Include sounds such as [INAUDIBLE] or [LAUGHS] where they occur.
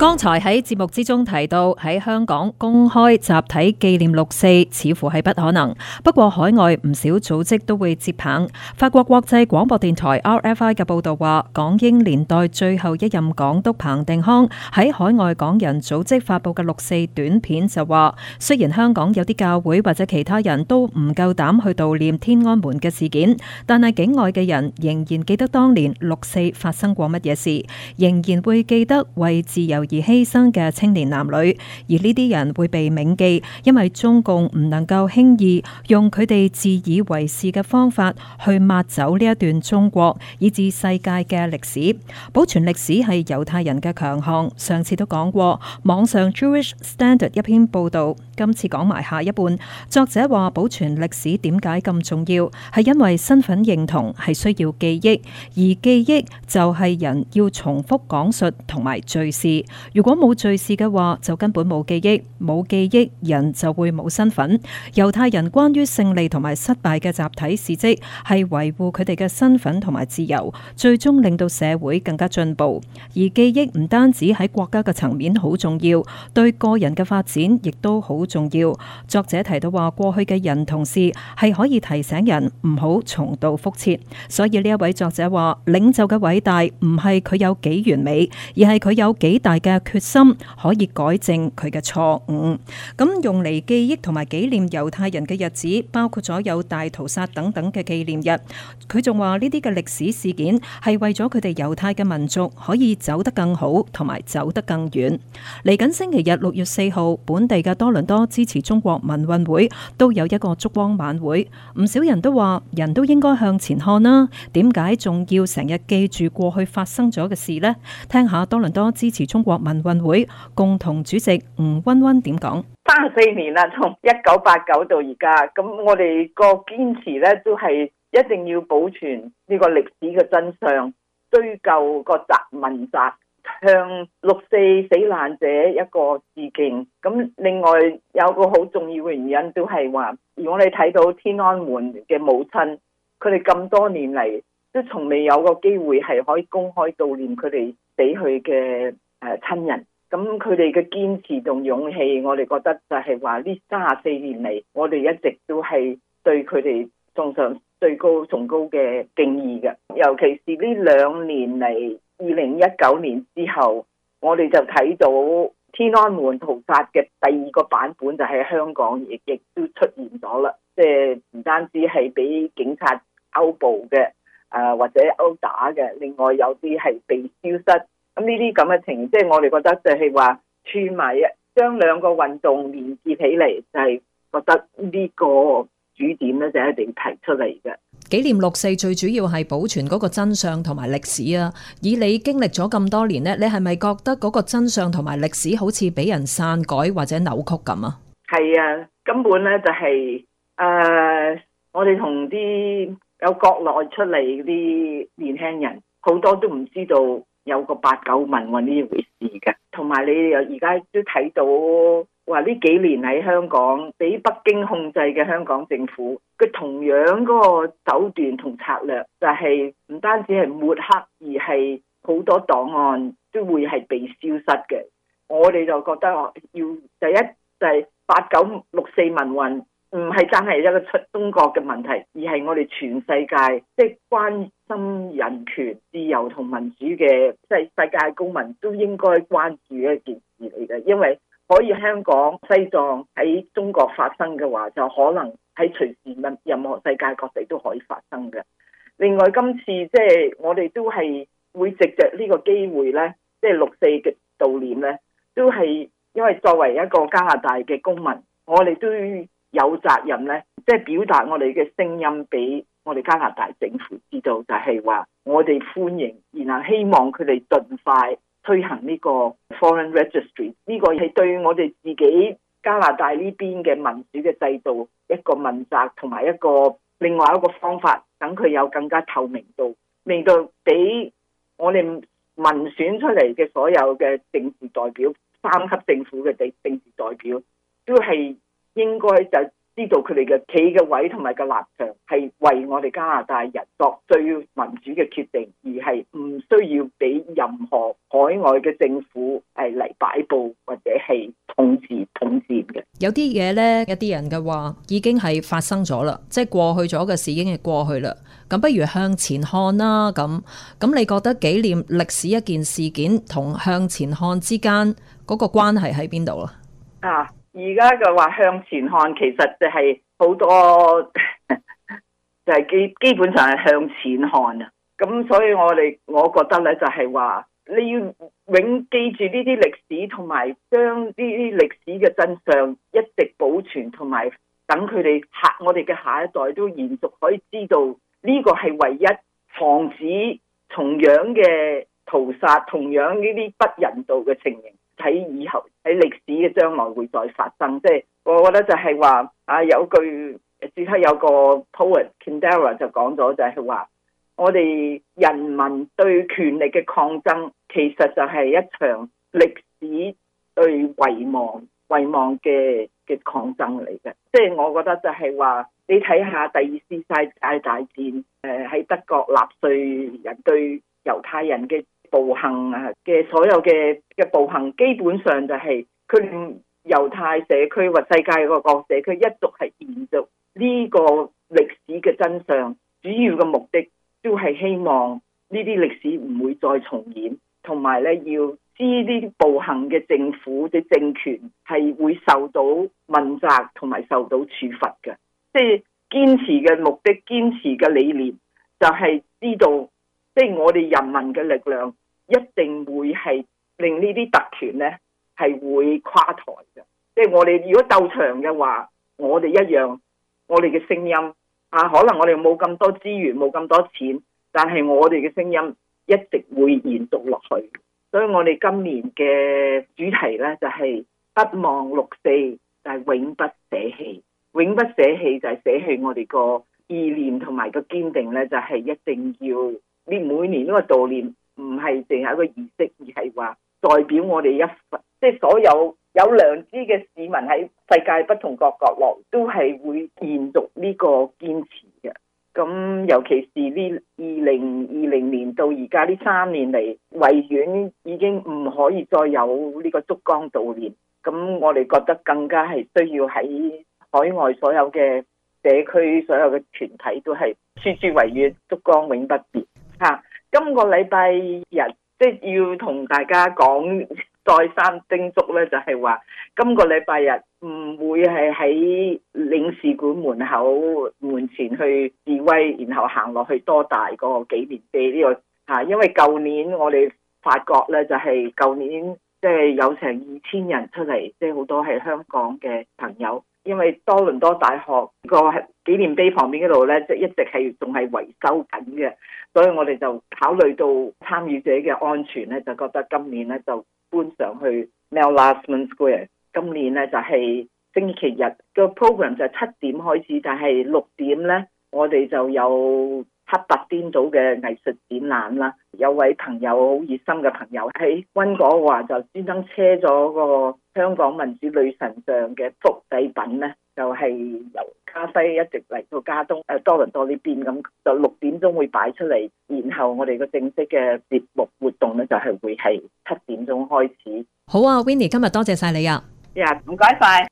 剛才喺節目之中提到，喺香港公開集體紀念六四似乎係不可能。不過海外唔少組織都會接棒。法國國際廣播電台 RFI 嘅報道話，港英年代最後一任港督彭定康喺海外港人組織發佈嘅六四短片就話，雖然香港有啲教會或者其他人都唔夠膽去悼念天安門嘅事件，但係境外嘅人仍然記得當年六四發生過乜嘢事，仍然會記得為自由而犧牲嘅青年男女，而呢啲人會被銘記，因為中共唔能夠輕易用佢哋自以為是嘅方法去抹走呢一段中國以至世界嘅歷史。保存歷史係猶太人嘅強項。上次都講過，網上 Jewish Standard 一篇報導。今次講埋下一半，作者話保存歷史點解咁重要？係因為身份認同係需要記憶，而記憶就係人要重複講述同埋敘事。如果冇敘事嘅話，就根本冇記憶，冇記憶人就會冇身份。猶太人關於勝利同埋失敗嘅集體事跡，係維護佢哋嘅身份同埋自由，最終令到社會更加進步。而記憶唔單止喺國家嘅層面好重要，對個人嘅發展亦都好重要。重要。作者提到話，過去嘅人同事係可以提醒人唔好重蹈覆轍。所以呢一位作者話，領袖嘅偉大唔係佢有幾完美，而係佢有幾大嘅決心可以改正佢嘅錯誤。咁、嗯、用嚟記憶同埋紀念猶太人嘅日子，包括咗有大屠殺等等嘅紀念日。佢仲話呢啲嘅歷史事件係為咗佢哋猶太嘅民族可以走得更好同埋走得更遠。嚟緊星期日六月四號，本地嘅多倫多。支多,多支持中國民運會都有一個燭光晚會，唔少人都話人都應該向前看啦。點解仲要成日記住過去發生咗嘅事呢？聽下多倫多支持中國民運會共同主席吳温温點講：三四年啦，從一九八九到而家，咁我哋個堅持咧都係一定要保存呢個歷史嘅真相，追究個責問責。向六四死難者一個致敬。咁另外有個好重要嘅原因，都係話，如果你睇到天安門嘅母親，佢哋咁多年嚟都從未有個機會係可以公開悼念佢哋死去嘅誒親人。咁佢哋嘅堅持同勇氣，我哋覺得就係話呢三十四年嚟，我哋一直都係對佢哋送上最高崇高嘅敬意嘅。尤其是呢兩年嚟。二零一九年之後，我哋就睇到天安門屠殺嘅第二個版本就喺香港，亦亦都出現咗啦。即係唔單止係俾警察勾捕嘅，誒、呃、或者毆打嘅，另外有啲係被消失。咁呢啲咁嘅情形，即、就、係、是、我哋覺得就係話串埋一將兩個運動連結起嚟，就係、是、覺得呢個主點咧就一定要提出嚟嘅。紀念六四最主要係保存嗰個真相同埋歷史啊！以你經歷咗咁多年呢，你係咪覺得嗰個真相同埋歷史好似俾人篡改或者扭曲咁啊？係啊，根本呢就係、是、誒、呃，我哋同啲有國內出嚟啲年輕人，好多都唔知道有個八九民運呢回事嘅。同埋你又而家都睇到、哦。話呢幾年喺香港俾北京控制嘅香港政府，佢同樣嗰個手段同策略，就係唔單止係抹黑，而係好多檔案都會係被消失嘅。我哋就覺得我要第一就係八九六四民運，唔係真係一個出中國嘅問題，而係我哋全世界即係關心人權、自由同民主嘅，即係世界公民都應該關注嘅一件事嚟嘅，因為。可以香港、西藏喺中國發生嘅話，就可能喺隨時任任何世界各地都可以發生嘅。另外，今次即係、就是、我哋都係會藉著呢個機會咧，即、就、係、是、六四嘅悼念咧，都係因為作為一個加拿大嘅公民，我哋都有責任咧，即、就、係、是、表達我哋嘅聲音俾我哋加拿大政府知道，但係話，我哋歡迎，然後希望佢哋盡快。推行呢個 foreign registry，呢個係對我哋自己加拿大呢邊嘅民主嘅制度一個問責同埋一個另外一個方法，等佢有更加透明度，令到俾我哋民選出嚟嘅所有嘅政治代表，三級政府嘅政政治代表，都係應該就。知道佢哋嘅企嘅位同埋個立場係為我哋加拿大人作最民主嘅決定，而係唔需要俾任何海外嘅政府係嚟擺布或者係統治統治嘅。有啲嘢咧，一啲人嘅話已經係發生咗啦，即係過去咗嘅事已經係過去啦，咁不如向前看啦。咁咁你覺得紀念歷史一件事件同向前看之間嗰個關係喺邊度啊？啊！而家就話向前看，其實就係好多 [LAUGHS] 就係基基本上係向前看啊！咁所以我哋我覺得咧，就係話你要永記住呢啲歷史，同埋將呢啲歷史嘅真相一直保存，同埋等佢哋下我哋嘅下一代都延續可以知道呢個係唯一防止同樣嘅屠殺、同樣呢啲不人道嘅情形。喺以後，喺歷史嘅將來會再發生，即係我覺得就係話啊，有句捷克有個 poet Kundera 就講咗，就係話我哋人民對權力嘅抗爭其實就係一場歷史對遺忘遺忘嘅嘅抗爭嚟嘅。即係我覺得就係話你睇下第二次世界大戰誒喺德國納粹人對猶太人嘅。暴行啊嘅所有嘅嘅暴行，基本上就係佢哋猶太社區或世界個各國社區一續係延續呢個歷史嘅真相。主要嘅目的都係希望呢啲歷史唔會再重演，同埋咧要知呢啲暴行嘅政府嘅政權係會受到問責同埋受到處罰嘅。即係堅持嘅目的，堅持嘅理念就係知道。即係我哋人民嘅力量，一定會係令呢啲特權呢係會垮台嘅。即係我哋如果鬥場嘅話，我哋一樣，我哋嘅聲音啊，可能我哋冇咁多資源，冇咁多錢，但係我哋嘅聲音一直會延續落去。所以我哋今年嘅主題呢就係不忘六四，就係永不捨棄。永不捨棄就係捨棄我哋個意念同埋個堅定呢，就係一定要。呢，每年呢個悼念唔係淨係一個儀式，而係話代表我哋一份即係、就是、所有有良知嘅市民喺世界不同各角落，都係會延續呢個堅持嘅。咁尤其是呢二零二零年到而家呢三年嚟，維園已經唔可以再有呢個燭光悼念。咁我哋覺得更加係需要喺海外所有嘅社區、所有嘅團體都係處處維園燭光永不滅。今個禮拜日，即係要同大家講，再三叮囑咧，就係話今個禮拜日唔會係喺領事館門口門前去示威，然後行落去多大個紀念碑呢個吓、啊？因為舊年我哋發覺咧，就係、是、舊年即係、就是、有成二千人出嚟，即係好多係香港嘅朋友。因為多倫多大學個紀念碑旁邊嗰度呢，即一直係仲係維修緊嘅，所以我哋就考慮到參與者嘅安全呢，就覺得今年呢就搬上去 Mel Lastman Square。今年呢就係、是、星期日個 program 就七點開始，但係六點呢我哋就有黑白顛倒嘅藝術展覽啦，有位朋友好熱心嘅朋友喺溫哥華就專登車咗個香港民主女神像嘅複製品咧，就係、是、由加西一直嚟到加東誒，多倫多呢邊咁，就六點鐘會擺出嚟，然後我哋個正式嘅節目活動咧就係會係七點鐘開始。好啊，Winnie 今日多謝晒你啊，呀唔該晒。